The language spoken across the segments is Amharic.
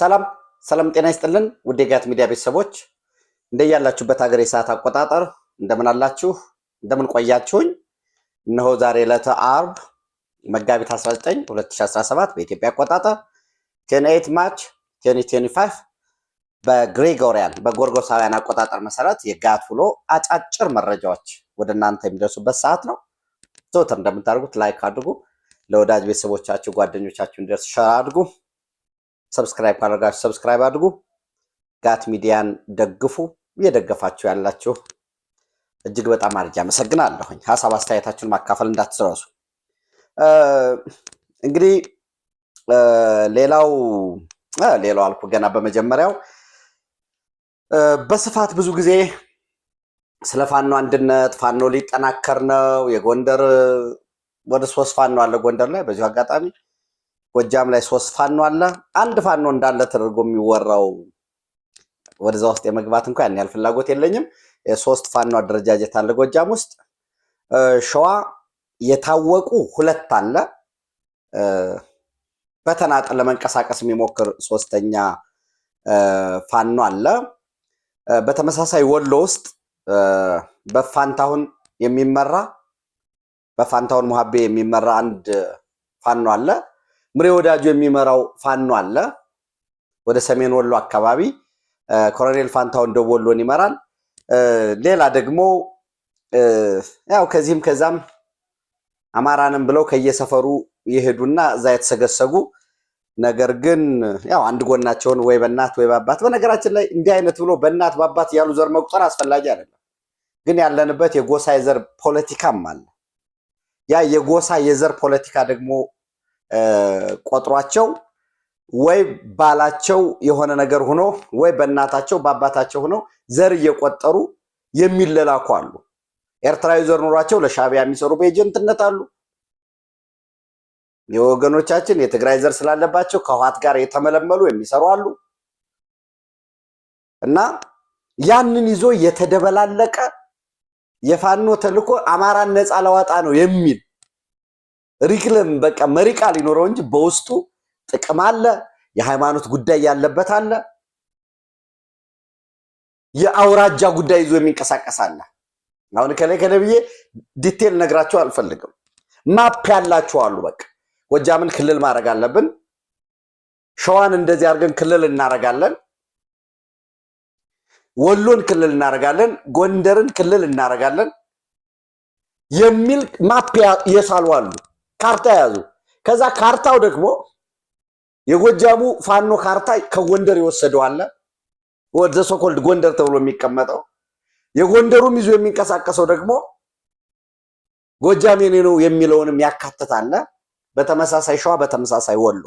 ሰላም ሰላም፣ ጤና ይስጥልን ውድ የጋት ሚዲያ ቤተሰቦች እንደያላችሁበት ሀገር የሰዓት አቆጣጠር እንደምን አላችሁ? እንደምን ቆያችሁኝ? እነሆ ዛሬ ዕለተ አርብ መጋቢት 19 2017 በኢትዮጵያ አቆጣጠር ቴን ኤይት ማርች 2025 በግሪጎሪያን በጎርጎሳውያን አቆጣጠር መሰረት የጋት ውሎ አጫጭር መረጃዎች ወደ እናንተ የሚደርሱበት ሰዓት ነው። ዘወትር እንደምታደርጉት ላይክ አድርጉ፣ ለወዳጅ ቤተሰቦቻችሁ ጓደኞቻችሁ እንዲደርስ ሸር አድርጉ። ሰብስክራይብ ካደረጋችሁ ሰብስክራይብ አድርጉ። ጋት ሚዲያን ደግፉ። እየደገፋችሁ ያላችሁ እጅግ በጣም አርጅ አመሰግናለሁኝ። ሀሳብ አስተያየታችሁን ማካፈል እንዳትረሱ። እንግዲህ ሌላው ሌላው አልኩ ገና በመጀመሪያው በስፋት ብዙ ጊዜ ስለ ፋኖ አንድነት ፋኖ ሊጠናከር ነው። የጎንደር ወደ ሶስት ፋኖ አለ ጎንደር ላይ በዚሁ አጋጣሚ ጎጃም ላይ ሶስት ፋኖ አለ። አንድ ፋኖ እንዳለ ተደርጎ የሚወራው ወደዛ ውስጥ የመግባት እንኳ ያን ያህል ፍላጎት የለኝም። ሶስት ፋኖ አደረጃጀት አለ ጎጃም ውስጥ። ሸዋ የታወቁ ሁለት አለ፣ በተናጠል ለመንቀሳቀስ የሚሞክር ሶስተኛ ፋኖ አለ። በተመሳሳይ ወሎ ውስጥ በፋንታሁን የሚመራ በፋንታሁን ሙሀቤ የሚመራ አንድ ፋኖ አለ። ምሬ ወዳጁ የሚመራው ፋኖ አለ። ወደ ሰሜን ወሎ አካባቢ ኮሎኔል ፋንታውን ወሎን ይመራል። ሌላ ደግሞ ያው ከዚህም ከዛም አማራንም ብለው ከየሰፈሩ ይሄዱና እዛ የተሰገሰጉ ነገር ግን ያው አንድ ጎናቸውን ወይ በእናት ወይ በአባት በነገራችን ላይ እንዲህ አይነት ብሎ በእናት በአባት እያሉ ዘር መቁጠር አስፈላጊ አይደለም። ግን ያለንበት የጎሳ የዘር ፖለቲካም አለ። ያ የጎሳ የዘር ፖለቲካ ደግሞ ቆጥሯቸው ወይ ባላቸው የሆነ ነገር ሆኖ ወይ በእናታቸው በአባታቸው ሆኖ ዘር እየቆጠሩ የሚለላኩ አሉ። ኤርትራዊ ዘር ኑሯቸው ለሻቢያ የሚሰሩ በኤጀንትነት አሉ። የወገኖቻችን የትግራይ ዘር ስላለባቸው ከህወሓት ጋር የተመለመሉ የሚሰሩ አሉ እና ያንን ይዞ የተደበላለቀ የፋኖ ተልዕኮ አማራን ነፃ ለዋጣ ነው የሚል ሪክለም በቃ መሪ ቃል ይኖረው እንጂ በውስጡ ጥቅም አለ፣ የሃይማኖት ጉዳይ ያለበት አለ፣ የአውራጃ ጉዳይ ይዞ የሚንቀሳቀስ አለ። አሁን ከላይ ከነብዬ ዲቴል ነግራቸው አልፈልግም። ማፕ ያላችሁ አሉ። በቃ ጎጃምን ክልል ማድረግ አለብን፣ ሸዋን እንደዚህ አድርገን ክልል እናደርጋለን፣ ወሎን ክልል እናደርጋለን፣ ጎንደርን ክልል እናደርጋለን የሚል ማፕ የሳሉ አሉ። ካርታ ያዙ። ከዛ ካርታው ደግሞ የጎጃሙ ፋኖ ካርታ ከጎንደር የወሰደው አለ ወደ ሶኮልድ ጎንደር ተብሎ የሚቀመጠው የጎንደሩም ይዞ የሚንቀሳቀሰው ደግሞ ጎጃም የኔ ነው የሚለውንም ያካትታለ። በተመሳሳይ ሸዋ፣ በተመሳሳይ ወሎ።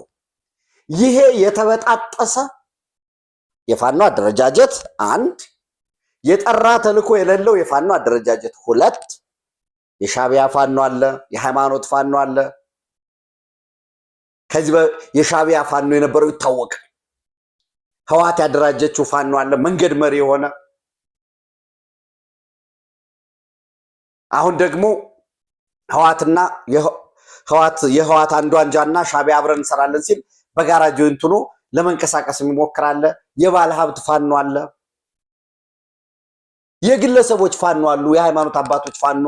ይሄ የተበጣጠሰ የፋኖ አደረጃጀት አንድ፣ የጠራ ተልዕኮ የሌለው የፋኖ አደረጃጀት ሁለት የሻቢያ ፋኖ አለ፣ የሃይማኖት ፋኖ አለ። ከዚህ የሻቢያ ፋኖ የነበረው ይታወቃል። ህወሓት ያደራጀችው ፋኖ አለ፣ መንገድ መሪ የሆነ አሁን ደግሞ ህወሓትና ህወሓት የህወሓት አንዱ አንጃና ሻቢያ አብረን እንሰራለን ሲል በጋራ ጆይንት ሆኖ ለመንቀሳቀስ የሚሞክራለ አለ። የባለ ሀብት ፋኖ አለ። የግለሰቦች ፋኖ አሉ። የሃይማኖት አባቶች ፋኖ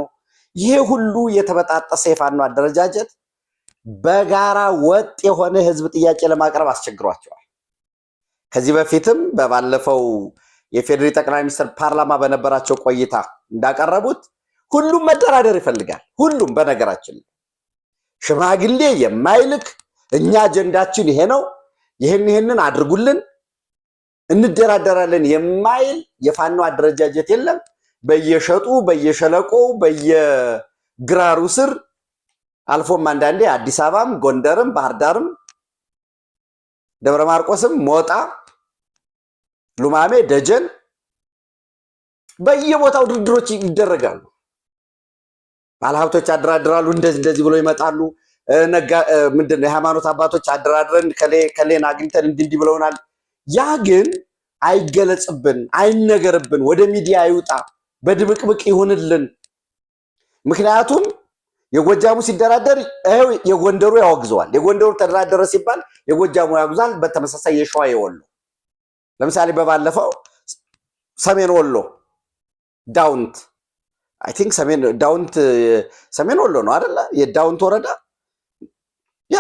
ይሄ ሁሉ የተበጣጠሰ የፋኖ አደረጃጀት በጋራ ወጥ የሆነ ህዝብ ጥያቄ ለማቅረብ አስቸግሯቸዋል። ከዚህ በፊትም በባለፈው የፌዴሪ ጠቅላይ ሚኒስትር ፓርላማ በነበራቸው ቆይታ እንዳቀረቡት ሁሉም መደራደር ይፈልጋል። ሁሉም በነገራችን ሽማግሌ የማይልክ እኛ አጀንዳችን ይሄ ነው፣ ይህን ይህንን አድርጉልን፣ እንደራደራለን የማይል የፋኖ አደረጃጀት የለም። በየሸጡ በየሸለቆው በየግራሩ ስር አልፎም አንዳንዴ አዲስ አበባም ጎንደርም ባህር ዳርም ደብረ ማርቆስም ሞጣ ሉማሜ ደጀን በየቦታው ድርድሮች ይደረጋሉ። ባለሀብቶች አደራድራሉ እንደዚህ እንደዚህ ብሎ ይመጣሉ። ምንድነው የሃይማኖት አባቶች አደራድረን ከሌን አግኝተን እንዲህ እንዲህ ብለውናል። ያ ግን አይገለጽብን፣ አይነገርብን፣ ወደ ሚዲያ አይውጣ። በድብቅብቅ ይሁንልን። ምክንያቱም የጎጃሙ ሲደራደር ይኸው የጎንደሩ ያወግዘዋል። የጎንደሩ ተደራደረ ሲባል የጎጃሙ ያወግዛል። በተመሳሳይ የሸዋ የወሎ ለምሳሌ በባለፈው ሰሜን ወሎ ዳውንት አይ ቲንክ ሰሜን ዳውንት ሰሜን ወሎ ነው አደለ? የዳውንት ወረዳ ያ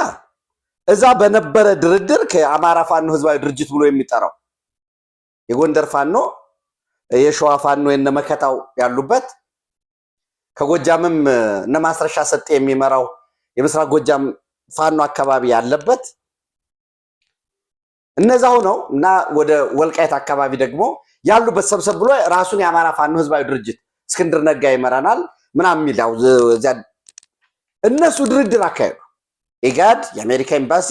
እዛ በነበረ ድርድር ከአማራ ፋኖ ህዝባዊ ድርጅት ብሎ የሚጠራው የጎንደር ፋኖ የሸዋ ፋኖ የነ መከታው ያሉበት ከጎጃምም እነ ማስረሻ ሰጤ የሚመራው የምስራቅ ጎጃም ፋኖ አካባቢ ያለበት እነዛው ነው እና ወደ ወልቃይት አካባቢ ደግሞ ያሉበት ሰብሰብ ብሎ ራሱን የአማራ ፋኖ ህዝባዊ ድርጅት እስክንድር ነጋ ይመራናል ምናምን የሚል እዚያ እነሱ ድርድር አካሄዱ። ኢጋድ፣ የአሜሪካ ኤምባሲ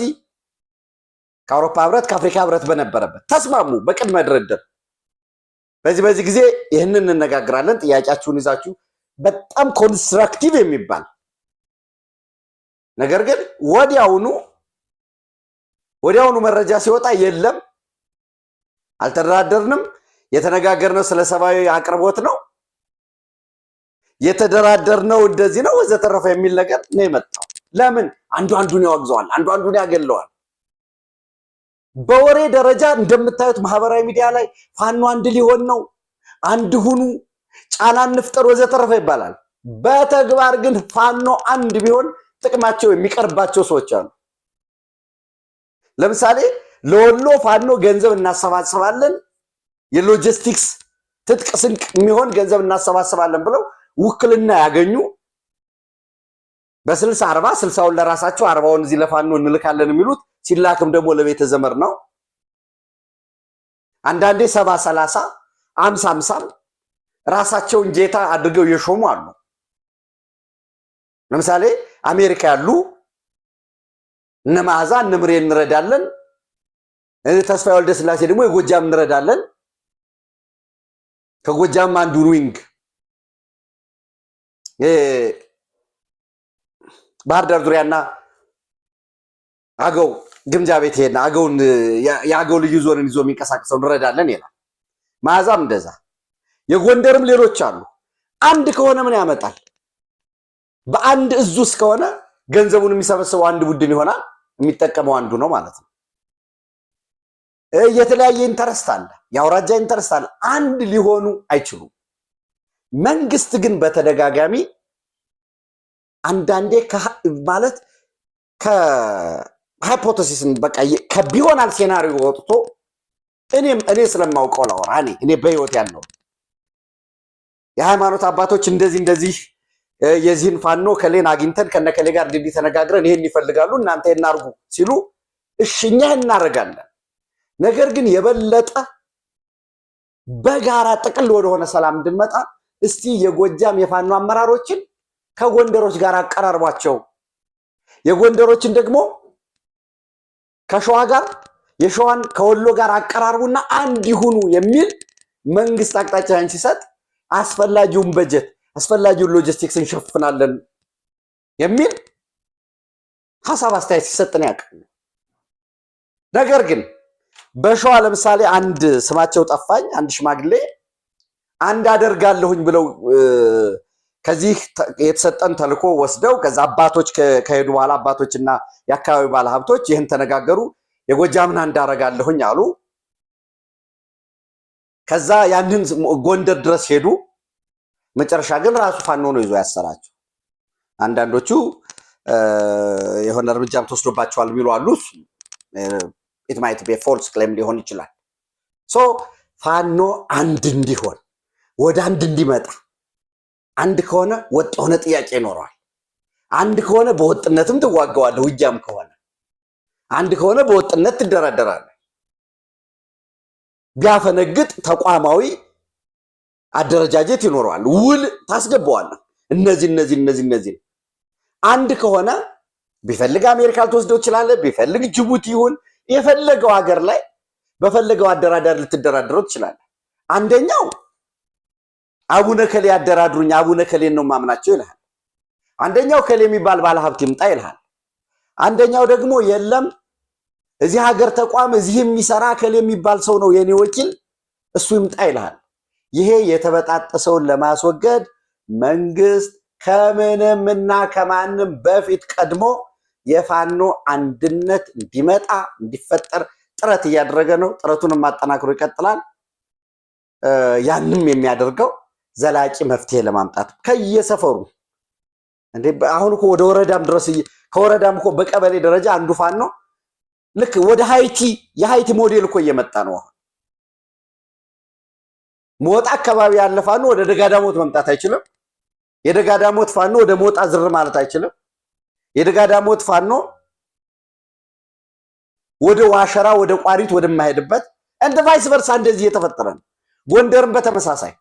ከአውሮፓ ህብረት፣ ከአፍሪካ ህብረት በነበረበት ተስማሙ በቅድመ ድርድር በዚህ በዚህ ጊዜ ይህንን እንነጋግራለን። ጥያቄያችሁን ይዛችሁ በጣም ኮንስትራክቲቭ የሚባል ነገር ግን ወዲያውኑ ወዲያውኑ መረጃ ሲወጣ የለም አልተደራደርንም፣ የተነጋገርነው ስለ ሰብአዊ አቅርቦት ነው፣ የተደራደርነው እንደዚህ ነው ወዘተረፈ የሚል ነገር ነው የመጣው። ለምን አንዱ አንዱን ያወግዘዋል፣ አንዱ አንዱን ያገለዋል። በወሬ ደረጃ እንደምታዩት ማህበራዊ ሚዲያ ላይ ፋኖ አንድ ሊሆን ነው፣ አንድ ሁኑ፣ ጫና እንፍጠር ወዘተረፈ ይባላል። በተግባር ግን ፋኖ አንድ ቢሆን ጥቅማቸው የሚቀርባቸው ሰዎች አሉ። ለምሳሌ ለወሎ ፋኖ ገንዘብ እናሰባስባለን፣ የሎጂስቲክስ ትጥቅ ስንቅ የሚሆን ገንዘብ እናሰባስባለን ብለው ውክልና ያገኙ በስልሳ አርባ ስልሳውን ለራሳቸው አርባውን እዚህ ለፋኖ እንልካለን የሚሉት ሲላክም ደግሞ ለቤተ ዘመር ነው። አንዳንዴ ሰባ ሰላሳ አምሳ አምሳም ራሳቸውን ጌታ አድርገው የሾሙ አሉ። ለምሳሌ አሜሪካ ያሉ እነ መዓዛ እነ ምሬ እንረዳለን፣ ተስፋ ወልደ ስላሴ ደግሞ የጎጃም እንረዳለን። ከጎጃም አንዱን ዊንግ ባህር ዳር ዙሪያና አገው ግምጃ ቤት ይሄን አገውን የአገው ልዩ ዞንን ይዞ የሚንቀሳቀሰው እንረዳለን ይላል። መዓዛም እንደዛ የጎንደርም ሌሎች አሉ። አንድ ከሆነ ምን ያመጣል? በአንድ እዙ ውስጥ ከሆነ ገንዘቡን የሚሰበስበው አንድ ቡድን ይሆናል። የሚጠቀመው አንዱ ነው ማለት ነው። የተለያየ ኢንተረስት አለ፣ የአውራጃ ኢንተረስት አለ። አንድ ሊሆኑ አይችሉም። መንግስት ግን በተደጋጋሚ አንዳንዴ ማለት ሃይፖቴሲስን በቃ ከቢሆናል ሴናሪዮ ወጥቶ እኔም እኔ ስለማውቀው ላወራ እኔ እኔ በህይወት ያለው የሃይማኖት አባቶች እንደዚህ እንደዚህ የዚህን ፋኖ ከሌን አግኝተን ከነከሌ ጋር እንዲህ ተነጋግረን ይሄን ይፈልጋሉ እናንተ እናርጉ ሲሉ እሺ እኛ እናደርጋለን። ነገር ግን የበለጠ በጋራ ጥቅል ወደሆነ ሰላም እንድንመጣ እስቲ የጎጃም የፋኖ አመራሮችን ከጎንደሮች ጋር አቀራርቧቸው የጎንደሮችን ደግሞ ከሸዋ ጋር የሸዋን ከወሎ ጋር አቀራርቡና አንድ ይሁኑ የሚል መንግስት አቅጣጫን ሲሰጥ አስፈላጊውን በጀት አስፈላጊውን ሎጂስቲክስ እንሸፍናለን የሚል ሀሳብ አስተያየት ሲሰጥን ያውቅ። ነገር ግን በሸዋ ለምሳሌ አንድ ስማቸው ጠፋኝ፣ አንድ ሽማግሌ አንድ አደርጋለሁኝ ብለው ከዚህ የተሰጠን ተልኮ ወስደው ከዛ አባቶች ከሄዱ በኋላ አባቶችና የአካባቢ ባለሀብቶች ይህን ተነጋገሩ። የጎጃምን እንዳረጋለሁኝ አሉ። ከዛ ያንን ጎንደር ድረስ ሄዱ። መጨረሻ ግን ራሱ ፋኖ ነው ይዞ ያሰራቸው። አንዳንዶቹ የሆነ እርምጃም ተወስዶባቸዋል የሚሉ አሉ። ኢት ማይት ቤ ፎልስ ክሌም ሊሆን ይችላል። ሶ ፋኖ አንድ እንዲሆን ወደ አንድ እንዲመጣ አንድ ከሆነ ወጥ የሆነ ጥያቄ ይኖረዋል። አንድ ከሆነ በወጥነትም ትዋገዋለህ። ውጊያም ከሆነ አንድ ከሆነ በወጥነት ትደራደራለህ። ቢያፈነግጥ ተቋማዊ አደረጃጀት ይኖረዋል። ውል ታስገባዋለህ። እነዚህ እነዚህ እነዚህ እነዚህ አንድ ከሆነ ቢፈልግ አሜሪካ ልትወስደው ትችላለህ። ቢፈልግ ጅቡቲ ይሁን የፈለገው ሀገር ላይ በፈለገው አደራዳሪ ልትደራደረው ትችላለህ። አንደኛው አቡነ ከሌ ያደራድሩኝ፣ አቡነ ከሌን ነው ማምናቸው ይልሃል። አንደኛው ከሌ የሚባል ባለ ሀብት ይምጣ ይልሃል። አንደኛው ደግሞ የለም እዚህ ሀገር ተቋም እዚህ የሚሰራ ከሌ የሚባል ሰው ነው የኔ ወኪል፣ እሱ ይምጣ ይልሃል። ይሄ የተበጣጠሰውን ለማስወገድ መንግስት ከምንም እና ከማንም በፊት ቀድሞ የፋኖ አንድነት እንዲመጣ እንዲፈጠር ጥረት እያደረገ ነው። ጥረቱንም አጠናክሮ ይቀጥላል። ያንም የሚያደርገው ዘላቂ መፍትሄ ለማምጣት ከየሰፈሩ እንዴ አሁን እኮ ወደ ወረዳም ድረስ ከወረዳም እኮ በቀበሌ ደረጃ አንዱ ፋኖ ነው። ልክ ወደ ሀይቲ የሀይቲ ሞዴል እኮ እየመጣ ነው። አሁን ሞጣ አካባቢ ያለ ፋኖ ወደ ደጋዳሞት መምጣት አይችልም። የደጋዳሞት ፋኖ ወደ ሞጣ ዝር ማለት አይችልም። የደጋዳሞት ፋኖ ወደ ዋሸራ፣ ወደ ቋሪት ወደማሄድበት እንደ ቫይስ ቨርሳ እንደዚህ እየተፈጠረ ነው። ጎንደርም በተመሳሳይ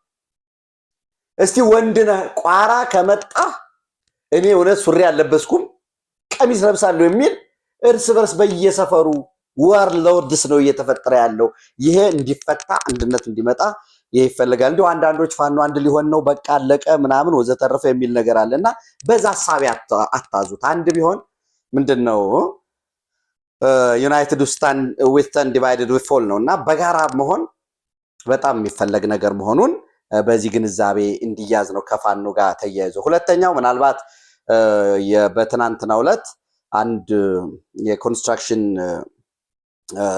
እስቲ ወንድ ነህ ቋራ ከመጣ እኔ እውነት ሱሪ አልለበስኩም ቀሚስ ለብሳለሁ የሚል እርስ በርስ በየሰፈሩ ወር ለወርድስ ነው እየተፈጠረ ያለው። ይሄ እንዲፈታ አንድነት እንዲመጣ ይሄ ይፈልጋል። እንዲሁ አንዳንዶች ፋኖ አንድ ሊሆን ነው በቃ አለቀ ምናምን ወዘተረፈ የሚል ነገር አለ እና በዛ ሀሳቢ አታዙት። አንድ ቢሆን ምንድን ነው ዩናይትድ ዊስተን ዲቫይድድ ዊፎል ነው እና በጋራ መሆን በጣም የሚፈለግ ነገር መሆኑን በዚህ ግንዛቤ እንዲያዝ ነው ከፋኖ ጋር ተያይዞ። ሁለተኛው ምናልባት በትናንትናው ዕለት አንድ የኮንስትራክሽን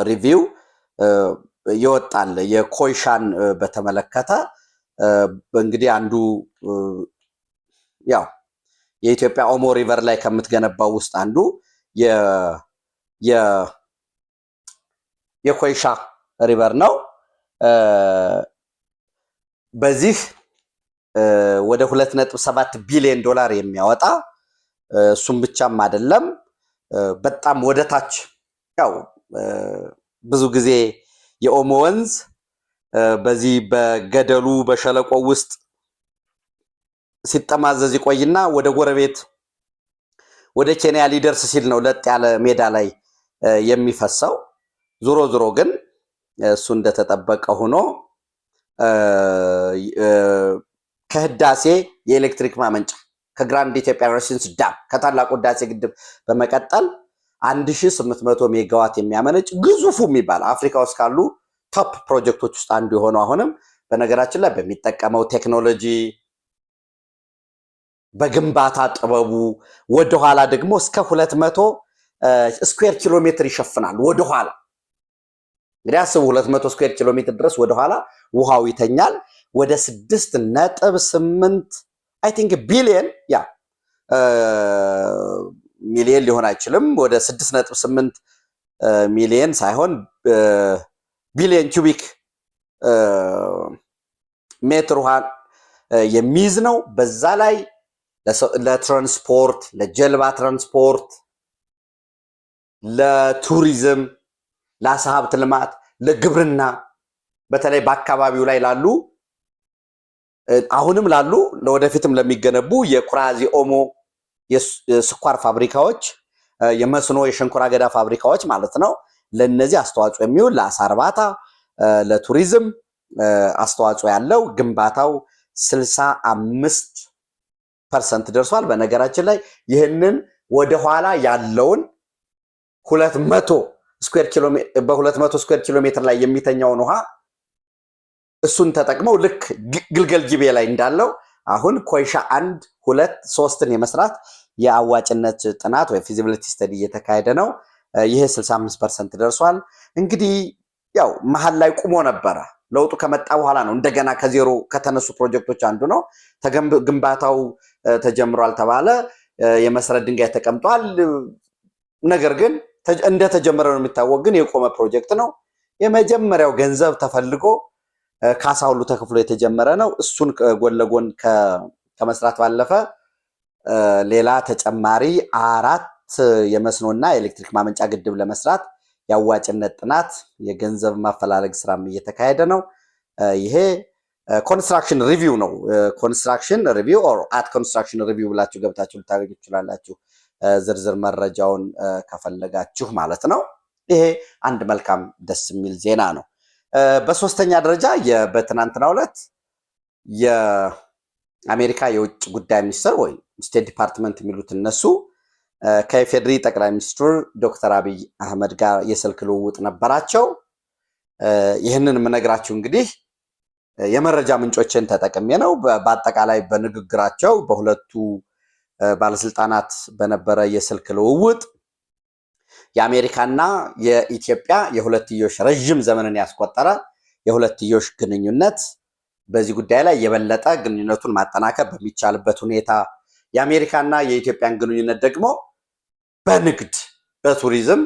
ሪቪው ይወጣል የኮይሻን በተመለከተ እንግዲህ አንዱ ያው የኢትዮጵያ ኦሞ ሪቨር ላይ ከምትገነባው ውስጥ አንዱ የኮይሻ ሪቨር ነው። በዚህ ወደ 2.7 ቢሊዮን ዶላር የሚያወጣ እሱም ብቻም አይደለም፣ በጣም ወደ ታች ያው ብዙ ጊዜ የኦሞ ወንዝ በዚህ በገደሉ በሸለቆ ውስጥ ሲጠማዘዝ ይቆይና ወደ ጎረቤት ወደ ኬንያ ሊደርስ ሲል ነው ለጥ ያለ ሜዳ ላይ የሚፈሰው። ዞሮ ዞሮ ግን እሱ እንደተጠበቀ ሆኖ ከህዳሴ የኤሌክትሪክ ማመንጫ ከግራንድ ኢትዮጵያ ሬሽንስ ዳም ከታላቁ ህዳሴ ግድብ በመቀጠል 1800 ሜጋዋት የሚያመነጭ ግዙፉ የሚባል አፍሪካ ውስጥ ካሉ ቶፕ ፕሮጀክቶች ውስጥ አንዱ የሆነው አሁንም በነገራችን ላይ በሚጠቀመው ቴክኖሎጂ በግንባታ ጥበቡ ወደኋላ ደግሞ እስከ 200 ስኩዌር ኪሎ ሜትር ይሸፍናል ወደኋላ እንግዲህ አስቡ፣ 200 መቶ ስኩዌር ኪሎ ሜትር ድረስ ወደኋላ ውሃው ይተኛል። ወደ ስድስት ነጥብ 8 አይ ቲንክ ቢሊየን ያ ሚሊየን ሊሆን አይችልም። ወደ 6 ነጥብ 8 ሚሊየን ሳይሆን ቢሊየን ኪዩቢክ ሜትር ውሃ የሚይዝ ነው። በዛ ላይ ለትራንስፖርት ለጀልባ ትራንስፖርት፣ ለቱሪዝም ለአሳ ሀብት ልማት፣ ለግብርና በተለይ በአካባቢው ላይ ላሉ አሁንም ላሉ ለወደፊትም ለሚገነቡ የኩራዚ ኦሞ የስኳር ፋብሪካዎች፣ የመስኖ የሸንኮራ አገዳ ፋብሪካዎች ማለት ነው። ለእነዚህ አስተዋጽኦ የሚውል ለአሳ እርባታ፣ ለቱሪዝም አስተዋጽኦ ያለው ግንባታው ስልሳ አምስት ፐርሰንት ደርሷል። በነገራችን ላይ ይህንን ወደኋላ ያለውን ሁለት መቶ በሁለት መቶ ስኩዌር ኪሎ ሜትር ላይ የሚተኛውን ውሃ እሱን ተጠቅመው ልክ ግልገል ጊቤ ላይ እንዳለው አሁን ኮይሻ አንድ ሁለት ሶስትን የመስራት የአዋጭነት ጥናት ወይ ፊዚቢሊቲ ስተዲ እየተካሄደ ነው። ይሄ 65 ፐርሰንት ደርሷል። እንግዲህ ያው መሀል ላይ ቁሞ ነበረ። ለውጡ ከመጣ በኋላ ነው እንደገና ከዜሮ ከተነሱ ፕሮጀክቶች አንዱ ነው። ግንባታው ተጀምሯል ተባለ፣ የመሰረት ድንጋይ ተቀምጧል። ነገር ግን እንደተጀመረ ነው የሚታወቅ፣ ግን የቆመ ፕሮጀክት ነው። የመጀመሪያው ገንዘብ ተፈልጎ ካሳ ሁሉ ተከፍሎ የተጀመረ ነው። እሱን ጎን ለጎን ከመስራት ባለፈ ሌላ ተጨማሪ አራት የመስኖና የኤሌክትሪክ ማመንጫ ግድብ ለመስራት የአዋጭነት ጥናት የገንዘብ ማፈላለግ ስራም እየተካሄደ ነው። ይሄ ኮንስትራክሽን ሪቪው ነው። ኮንስትራክሽን ሪቪው ኦር አት ኮንስትራክሽን ሪቪው ብላችሁ ገብታችሁ ልታገኙ ትችላላችሁ። ዝርዝር መረጃውን ከፈለጋችሁ ማለት ነው። ይሄ አንድ መልካም ደስ የሚል ዜና ነው። በሶስተኛ ደረጃ በትናንትናው ዕለት የአሜሪካ የውጭ ጉዳይ ሚኒስትር ወይም ስቴት ዲፓርትመንት የሚሉት እነሱ ከኢፌድሪ ጠቅላይ ሚኒስትር ዶክተር አብይ አህመድ ጋር የስልክ ልውውጥ ነበራቸው። ይህንን የምነግራችሁ እንግዲህ የመረጃ ምንጮችን ተጠቅሜ ነው። በአጠቃላይ በንግግራቸው በሁለቱ ባለስልጣናት በነበረ የስልክ ልውውጥ የአሜሪካና የኢትዮጵያ የሁለትዮሽ ረዥም ዘመንን ያስቆጠረ የሁለትዮሽ ግንኙነት በዚህ ጉዳይ ላይ የበለጠ ግንኙነቱን ማጠናከር በሚቻልበት ሁኔታ የአሜሪካና የኢትዮጵያን ግንኙነት ደግሞ በንግድ፣ በቱሪዝም፣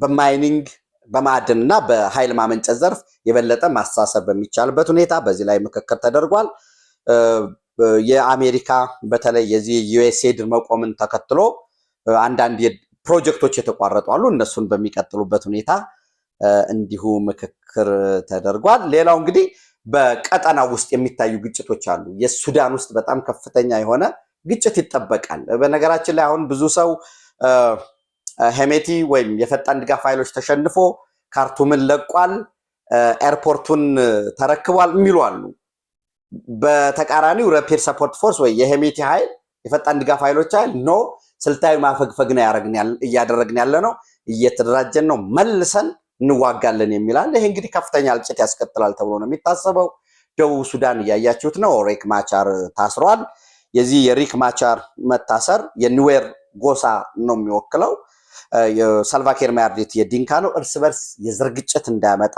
በማይኒንግ፣ በማዕድን እና በኃይል ማመንጨት ዘርፍ የበለጠ ማሳሰብ በሚቻልበት ሁኔታ በዚህ ላይ ምክክር ተደርጓል። የአሜሪካ በተለይ የዚህ ዩኤስኤድ መቆምን ተከትሎ አንዳንድ ፕሮጀክቶች የተቋረጡ አሉ። እነሱን በሚቀጥሉበት ሁኔታ እንዲሁ ምክክር ተደርጓል። ሌላው እንግዲህ በቀጠና ውስጥ የሚታዩ ግጭቶች አሉ። የሱዳን ውስጥ በጣም ከፍተኛ የሆነ ግጭት ይጠበቃል። በነገራችን ላይ አሁን ብዙ ሰው ሄሜቲ ወይም የፈጣን ድጋፍ ኃይሎች ተሸንፎ ካርቱምን ለቋል፣ ኤርፖርቱን ተረክቧል የሚሉ አሉ። በተቃራኒው ረፒድ ሰፖርት ፎርስ ወይ የሄሜቲ ኃይል የፈጣን ድጋፍ ኃይሎች ኃይል ኖ ስልታዊ ማፈግፈግ ነው እያደረግን ያለ ነው፣ እየተደራጀን ነው፣ መልሰን እንዋጋለን የሚላል። ይሄ እንግዲህ ከፍተኛ እልቂት ያስከትላል ተብሎ ነው የሚታሰበው። ደቡብ ሱዳን እያያችሁት ነው። ሬክ ማቻር ታስሯል። የዚህ የሪክ ማቻር መታሰር የኒዌር ጎሳ ነው የሚወክለው። ሳልቫኪር ማያርዲት የዲንካ ነው። እርስ በርስ የዘር ግጭት እንዳያመጣ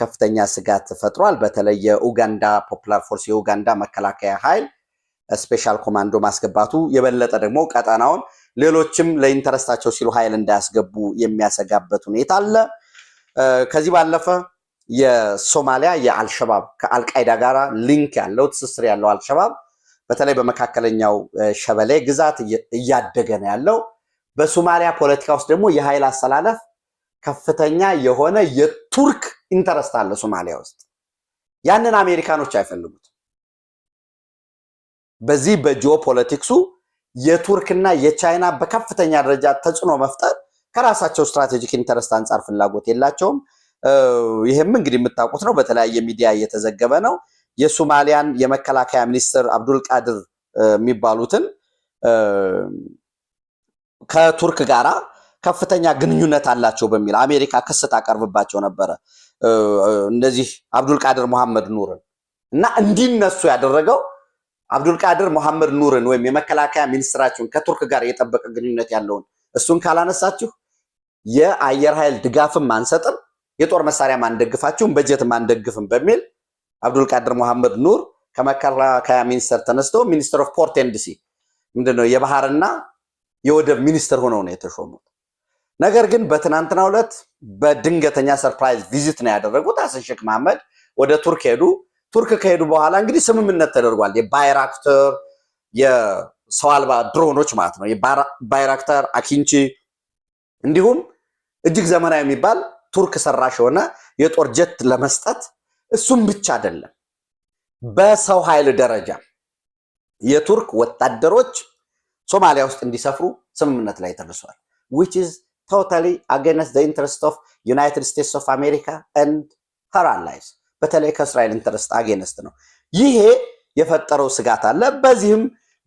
ከፍተኛ ስጋት ፈጥሯል። በተለይ የኡጋንዳ ፖፑላር ፎርስ የኡጋንዳ መከላከያ ኃይል ስፔሻል ኮማንዶ ማስገባቱ የበለጠ ደግሞ ቀጠናውን ሌሎችም ለኢንተረስታቸው ሲሉ ኃይል እንዳያስገቡ የሚያሰጋበት ሁኔታ አለ። ከዚህ ባለፈ የሶማሊያ የአልሸባብ ከአልቃይዳ ጋር ሊንክ ያለው ትስስር ያለው አልሸባብ በተለይ በመካከለኛው ሸበሌ ግዛት እያደገ ነው ያለው። በሶማሊያ ፖለቲካ ውስጥ ደግሞ የኃይል አሰላለፍ ከፍተኛ የሆነ የቱርክ ኢንተረስት አለ ሶማሊያ ውስጥ። ያንን አሜሪካኖች አይፈልጉት በዚህ በጂኦፖለቲክሱ የቱርክና የቻይና በከፍተኛ ደረጃ ተጽዕኖ መፍጠር ከራሳቸው ስትራቴጂክ ኢንተረስት አንጻር ፍላጎት የላቸውም። ይህም እንግዲህ የምታውቁት ነው፣ በተለያየ ሚዲያ እየተዘገበ ነው። የሱማሊያን የመከላከያ ሚኒስትር አብዱል ቃድር የሚባሉትን ከቱርክ ጋራ ከፍተኛ ግንኙነት አላቸው በሚል አሜሪካ ክስ ታቀርብባቸው ነበረ። እንደዚህ አብዱልቃድር መሐመድ ኑርን እና እንዲነሱ ያደረገው አብዱልቃድር መሐመድ ኑርን ወይም የመከላከያ ሚኒስትራችሁን ከቱርክ ጋር የጠበቀ ግንኙነት ያለውን እሱን ካላነሳችሁ የአየር ኃይል ድጋፍም አንሰጥም፣ የጦር መሳሪያም አንደግፋችሁም፣ በጀትም አንደግፍም በሚል አብዱልቃድር መሐመድ ኑር ከመከላከያ ሚኒስተር ተነስተው ሚኒስትር ኦፍ ፖርት ኤንድ ሲ ምንድነው የባህርና የወደብ ሚኒስትር ሆነው ነው የተሾሙት። ነገር ግን በትናንትናው ዕለት በድንገተኛ ሰርፕራይዝ ቪዚት ነው ያደረጉት። ሐሰን ሼክ መሐመድ ወደ ቱርክ ሄዱ። ቱርክ ከሄዱ በኋላ እንግዲህ ስምምነት ተደርጓል። የባይራክተር የሰው አልባ ድሮኖች ማለት ነው። የባይራክተር አኪንቺ፣ እንዲሁም እጅግ ዘመናዊ የሚባል ቱርክ ሰራሽ የሆነ የጦር ጀት ለመስጠት እሱም ብቻ አይደለም፣ በሰው ኃይል ደረጃ የቱርክ ወታደሮች ሶማሊያ ውስጥ እንዲሰፍሩ ስምምነት ላይ ተደርሷል። ቶታሊ አገነስ ዘ ኢንትረስት ኦፍ ዩናይትድ ስቴትስ ኦፍ አሜሪካ ኤንድ ሀር አላይስ በተለይ ከእስራኤል ኢንተረስት አጌነስት ነው። ይሄ የፈጠረው ስጋት አለ። በዚህም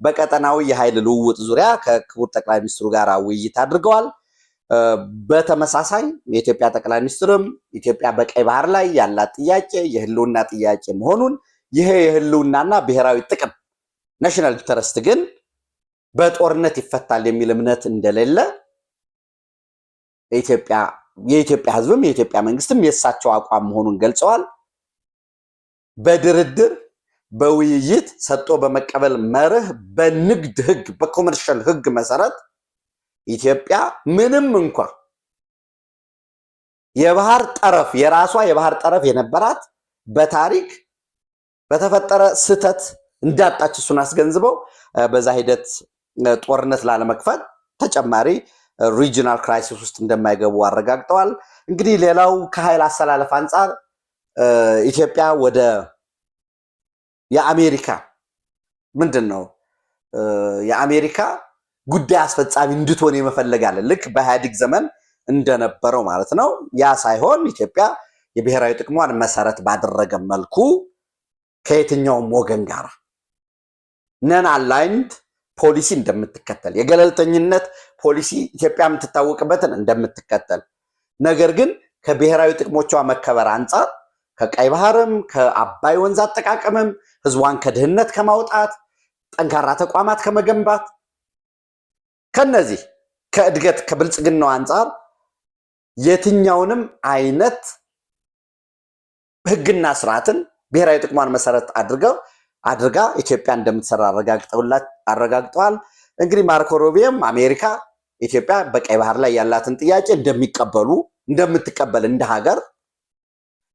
በቀጠናዊ የኃይል ልውውጥ ዙሪያ ከክቡር ጠቅላይ ሚኒስትሩ ጋር ውይይት አድርገዋል። በተመሳሳይ የኢትዮጵያ ጠቅላይ ሚኒስትርም ኢትዮጵያ በቀይ ባህር ላይ ያላት ጥያቄ የህልውና ጥያቄ መሆኑን ይሄ የህልውናና ብሔራዊ ጥቅም ናሽናል ኢንተረስት ግን በጦርነት ይፈታል የሚል እምነት እንደሌለ የኢትዮጵያ ህዝብም የኢትዮጵያ መንግስትም የእሳቸው አቋም መሆኑን ገልጸዋል። በድርድር በውይይት ሰጥቶ በመቀበል መርህ በንግድ ህግ በኮመርሻል ህግ መሰረት ኢትዮጵያ ምንም እንኳ የባህር ጠረፍ የራሷ የባህር ጠረፍ የነበራት በታሪክ በተፈጠረ ስህተት እንዳጣች እሱን አስገንዝበው በዛ ሂደት ጦርነት ላለመክፈል ተጨማሪ ሪጂናል ክራይሲስ ውስጥ እንደማይገቡ አረጋግጠዋል። እንግዲህ ሌላው ከኃይል አሰላለፍ አንጻር ኢትዮጵያ ወደ የአሜሪካ ምንድን ነው የአሜሪካ ጉዳይ አስፈጻሚ እንድትሆን የመፈለጋለን ልክ በኢህአዲግ ዘመን እንደነበረው ማለት ነው። ያ ሳይሆን ኢትዮጵያ የብሔራዊ ጥቅሟን መሰረት ባደረገ መልኩ ከየትኛውም ወገን ጋር ነን አላይንድ ፖሊሲ እንደምትከተል የገለልተኝነት ፖሊሲ ኢትዮጵያ የምትታወቅበትን እንደምትከተል ነገር ግን ከብሔራዊ ጥቅሞቿ መከበር አንጻር ከቀይ ባህርም ከአባይ ወንዝ አጠቃቀምም ህዝቧን ከድህነት ከማውጣት ጠንካራ ተቋማት ከመገንባት ከነዚህ ከእድገት ከብልጽግናው አንጻር የትኛውንም አይነት ህግና ስርዓትን ብሔራዊ ጥቅሟን መሰረት አድርገው አድርጋ ኢትዮጵያ እንደምትሰራ አረጋግጠዋል። እንግዲህ ማርኮ ሮቢየም አሜሪካ ኢትዮጵያ በቀይ ባህር ላይ ያላትን ጥያቄ እንደሚቀበሉ እንደምትቀበል እንደ ሀገር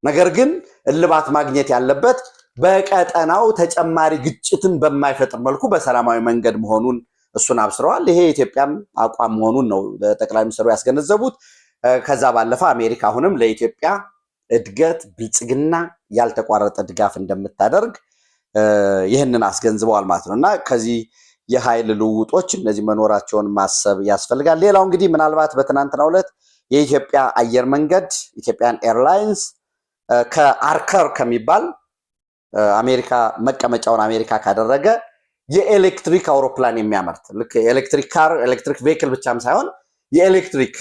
ነገር ግን እልባት ማግኘት ያለበት በቀጠናው ተጨማሪ ግጭትን በማይፈጥር መልኩ በሰላማዊ መንገድ መሆኑን እሱን አብስረዋል። ይሄ የኢትዮጵያም አቋም መሆኑን ነው ጠቅላይ ሚኒስትሩ ያስገነዘቡት። ከዛ ባለፈ አሜሪካ አሁንም ለኢትዮጵያ እድገት ብልጽግና ያልተቋረጠ ድጋፍ እንደምታደርግ ይህንን አስገንዝበዋል ማለት ነው እና ከዚህ የኃይል ልውውጦች እነዚህ መኖራቸውን ማሰብ ያስፈልጋል። ሌላው እንግዲህ ምናልባት በትናንትናው ዕለት የኢትዮጵያ አየር መንገድ ኢትዮጵያን ኤርላይንስ ከአርከር ከሚባል አሜሪካ መቀመጫውን አሜሪካ ካደረገ የኤሌክትሪክ አውሮፕላን የሚያመርት ልክ ኤሌክትሪክ ካር ኤሌክትሪክ ቬክል ብቻም ሳይሆን የኤሌክትሪክ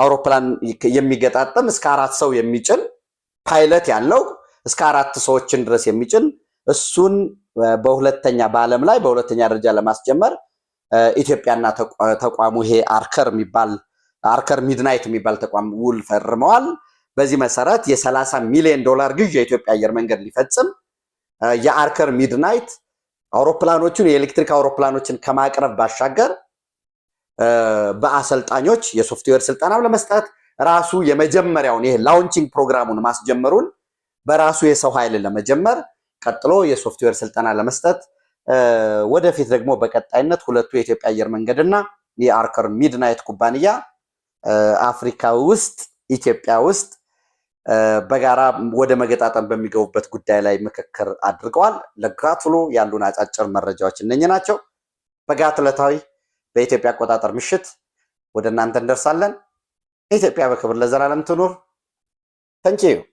አውሮፕላን የሚገጣጠም እስከ አራት ሰው የሚጭን ፓይለት ያለው እስከ አራት ሰዎችን ድረስ የሚጭን እሱን በሁለተኛ በዓለም ላይ በሁለተኛ ደረጃ ለማስጀመር ኢትዮጵያና ተቋሙ ይሄ አርከር የሚባል አርከር ሚድናይት የሚባል ተቋም ውል ፈርመዋል። በዚህ መሰረት የ30 ሚሊዮን ዶላር ግዥ የኢትዮጵያ አየር መንገድ ሊፈጽም የአርከር ሚድናይት አውሮፕላኖቹን የኤሌክትሪክ አውሮፕላኖችን ከማቅረብ ባሻገር በአሰልጣኞች የሶፍትዌር ስልጠናም ለመስጠት ራሱ የመጀመሪያውን ይሄ ላውንቺንግ ፕሮግራሙን ማስጀመሩን በራሱ የሰው ኃይል ለመጀመር ቀጥሎ የሶፍትዌር ስልጠና ለመስጠት ወደፊት ደግሞ በቀጣይነት ሁለቱ የኢትዮጵያ አየር መንገድና የአርከር ሚድናይት ኩባንያ አፍሪካ ውስጥ ኢትዮጵያ ውስጥ በጋራ ወደ መገጣጠም በሚገቡበት ጉዳይ ላይ ምክክር አድርገዋል። ለጋቱሎ ያሉን አጫጭር መረጃዎች እነኚህ ናቸው። በጋት ዕለታዊ በኢትዮጵያ አቆጣጠር ምሽት ወደ እናንተ እንደርሳለን። ኢትዮጵያ በክብር ለዘላለም ትኑር። ተንኪዩ